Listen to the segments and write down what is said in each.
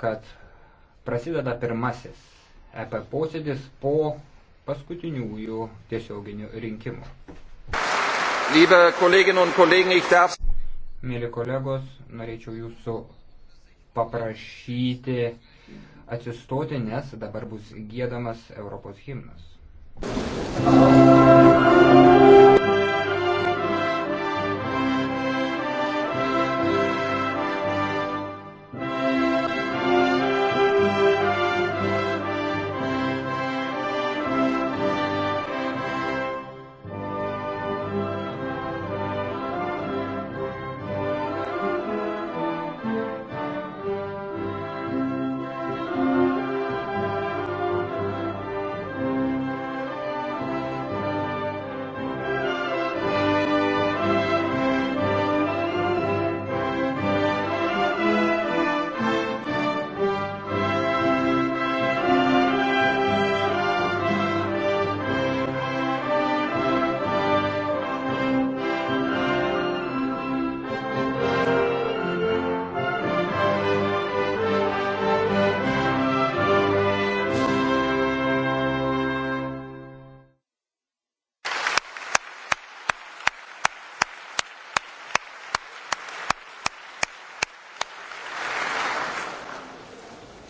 kad prasideda pirmasis EP posėdis po paskutiniųjų tiesioginių rinkimų. Darf... Mėly kolegos, norėčiau jūsų paprašyti atsistoti, nes dabar bus gėdamas Europos himnas. Thank you.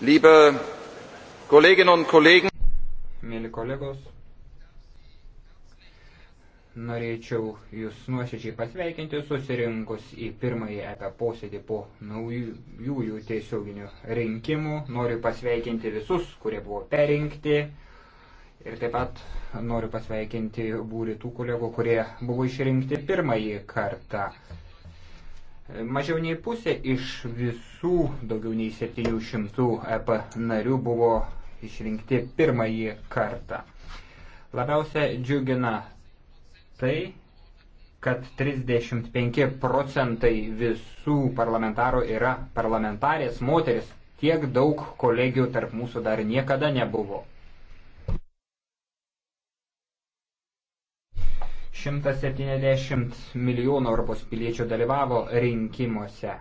Liebe Kolleginnen und Kollegen, Mėly kolegos, norėčiau Jūs nuoširdžiai pasveikinti susirinkus į pirmąjį etą posėdį po naujųjų tiesioginių rinkimų. Noriu pasveikinti visus, kurie buvo perinkti. Ir taip pat noriu pasveikinti būrį tų kolegų, kurie buvo išrinkti pirmąjį kartą. Mažiau nei pusė iš visų daugiau nei 700 EP narių buvo išrinkti pirmąjį kartą. Labiausia džiugina tai, kad 35 procentai visų parlamentarų yra parlamentarės moteris. Tiek daug kolegijų tarp mūsų dar niekada nebuvo. 170 milijonų Europos piliečių dalyvavo rinkimuose.